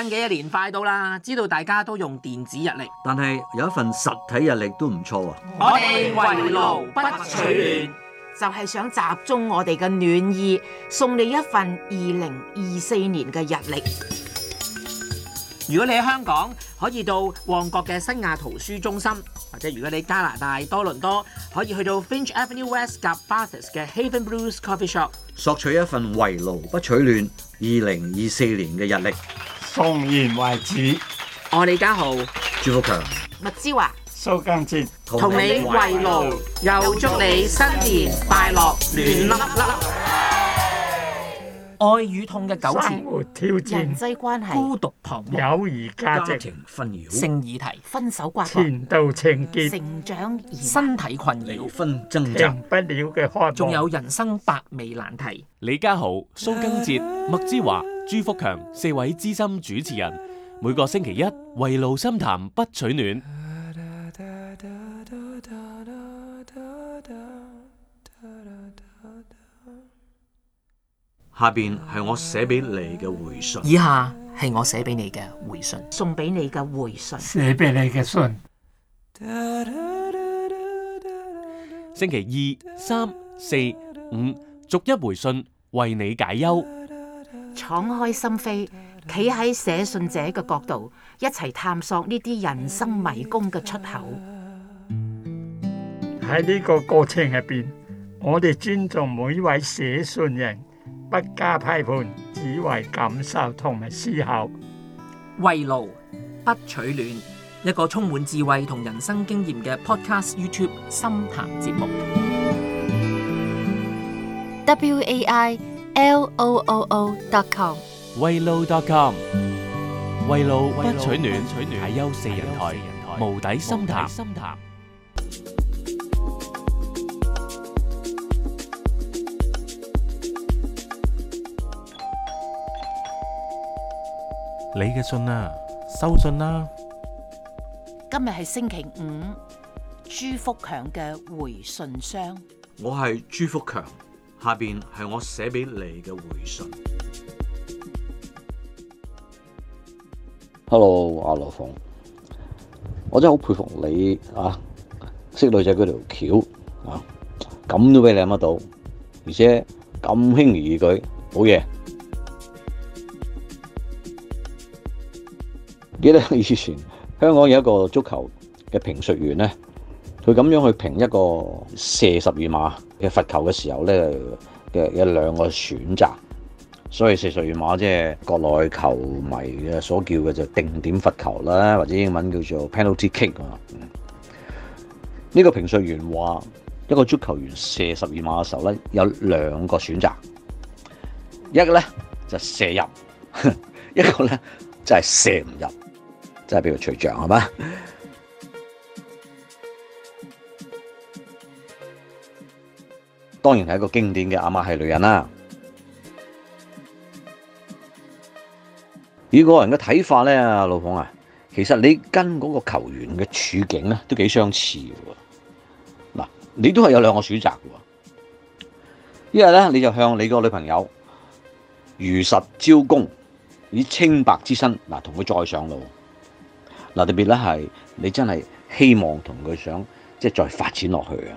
新嘅一年快到啦，知道大家都用電子日曆，但係有一份實體日曆都唔錯啊！我哋圍爐不取暖，就係想集中我哋嘅暖意，送你一份2024年嘅日曆。如果你喺香港，可以到旺角嘅新亞圖書中心，或者如果你加拿大多倫多，可以去到 Finch Avenue West 夾 Bathurst 嘅 Haven Blues Coffee Shop，索取一份圍爐不取暖2024年嘅日曆。同言為止，我李家豪，朱福強，麥之華，蘇更哲，同你為奴，又祝你新年快樂，圓碌碌。愛與痛嘅糾纏挑戰，人際關係，孤獨朋友友誼家庭紛擾，成疑題，分手關頭，前度情結，成長身體困擾，分爭爭，停不了嘅渴望，仲有人生百味難題。李家豪、蘇更哲、麥之華。朱福強，四位資深主持人，每個星期一為路心談不取暖。下邊係我寫俾你嘅回信。以下係我寫俾你嘅回信，送俾你嘅回信，寫俾你嘅信。星期二、三、四、五，逐一回信，為你解憂。敞開心扉，企喺寫信者嘅角度，一齊探索呢啲人生迷宮嘅出口。喺呢個過程入邊，我哋尊重每一位寫信人，不加批判，只為感受同埋思考。圍爐不取暖，一個充滿智慧同人生經驗嘅 Podcast YouTube 心談節目。W A I loo.com，為路 dotcom，為路不取暖，大優四人台，無底心潭。你嘅信啊，收信啦。今日係星期五，朱福強嘅回信箱。我係朱福強。下面係我寫俾你嘅回信。Hello，阿羅鳳，我真係好佩服你啊！識女仔嗰條橋啊，咁都俾你諗得到，而且咁輕而易舉，好嘢。記得以前香港有一個足球嘅評述員呢。佢咁樣去評一個射十二碼嘅罰球嘅時候咧，嘅有兩個選擇。所以射十二碼即係國內球迷嘅所叫嘅就定點罰球啦，或者英文叫做 penalty kick 啊。呢個評述員話一個足球員射十二碼嘅時候咧，有兩個選擇，一個咧就射入，一個咧就係射唔入，即係譬如隨著係嘛。當然係一個經典嘅阿媽係女人啦。以個人嘅睇法咧，老馮啊，其實你跟嗰個球員嘅處境咧都幾相似嘅。嗱，你都係有兩個選擇嘅。一係咧，你就向你個女朋友如實招供，以清白之身嗱同佢再上路。嗱，特別咧係你真係希望同佢想即係再發展落去嘅。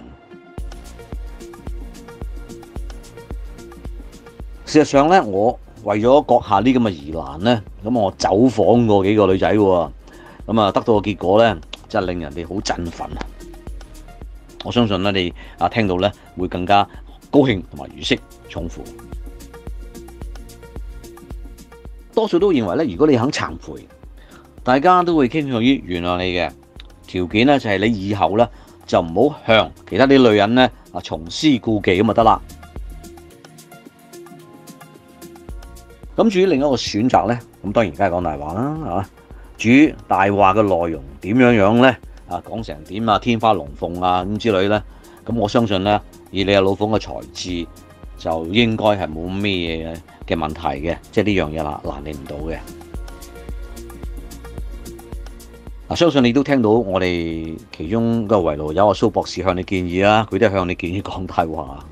事實上咧，我為咗閣下呢咁嘅疑難咧，咁我走訪過幾個女仔喎，咁啊得到嘅結果咧，真係令人哋好振奮啊！我相信咧，你啊聽到咧，會更加高興同埋如釋重負。多數都認為咧，如果你肯懺悔，大家都會傾向於原諒你嘅條件咧，就係你以後咧就唔好向其他啲女人咧啊重施故技咁就得啦。咁至於另一個選擇呢，咁當然梗係講大話啦，嚇！至於大話嘅內容點樣樣呢？啊，講成點啊，天花龍鳳啊咁之類呢。咁我相信呢，以你阿老馮嘅才智，就應該係冇咩嘅嘅問題嘅，即係呢樣嘢啦，難你唔到嘅。嗱，相信你都聽到我哋其中個圍爐有個蘇博士向你建議啊，佢都向你建議講大話。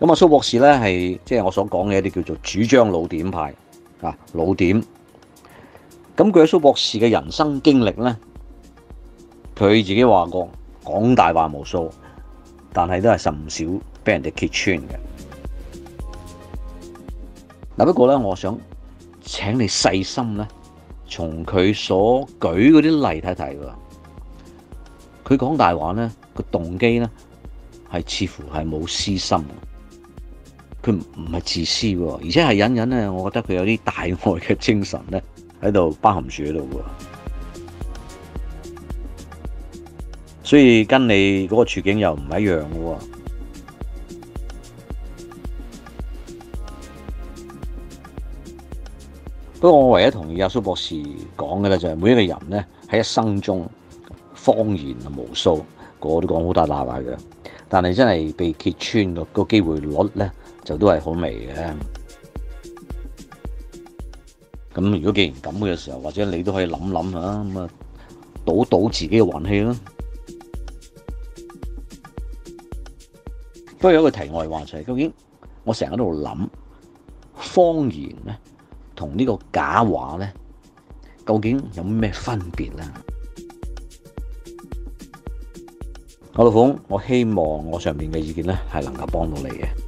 咁啊，蘇博士咧係即係我所講嘅一啲叫做主張老點派啊，老點。咁佢喺蘇博士嘅人生經歷咧，佢自己話過講大話無數，但係都係甚少俾人哋揭穿嘅。嗱，不過咧，我想請你細心咧，從佢所舉嗰啲例睇睇喎，佢講大話咧個動機咧係似乎係冇私心。佢唔唔係自私喎，而且係隱隱咧，我覺得佢有啲大愛嘅精神咧喺度包含住喺度喎。所以跟你嗰個處境又唔係一樣嘅喎。不過我唯一同意阿蘇博士講嘅咧，就係每一個人咧喺一生中謊言無數，個個都講好大話嘅，但係真係被揭穿個、嗰個機會率咧。就都係好味嘅。咁如果既然咁嘅時候，或者你都可以諗諗下，咁啊，賭賭自己嘅運氣囉。 不過有一個題外話就係，是，究竟我成日喺度諗，謊言咧同呢個假話咧，究竟有咩分別咧？ 我老闆，我希望我上面嘅意見咧係能夠幫到你嘅。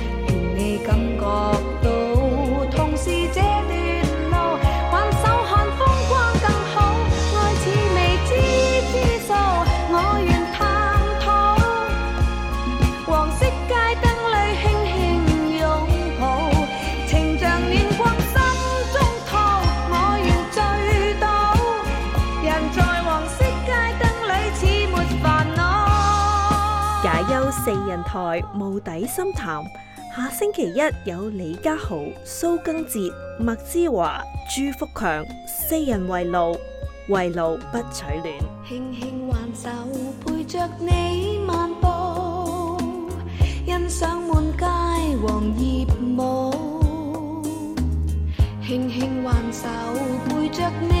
台無底深潭，下星期一有李家豪、蘇賡哲、麥之華、朱福強四人圍爐，圍爐不取暖。輕輕挽手，陪着你漫步，欣賞滿街黃葉舞。輕輕挽手陪着你。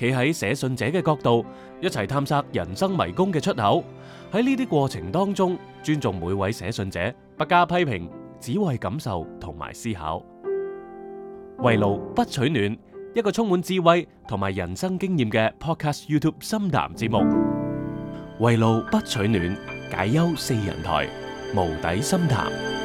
企喺寫信者嘅角度，一齊探索人生迷宮嘅出口。喺呢啲過程當中，尊重每位寫信者，不加批評，只為感受同埋思考。為路不取暖，一個充滿智慧同埋人生經驗嘅 Podcast YouTube 深談節目。為路不取暖，解憂四人台，無底深談。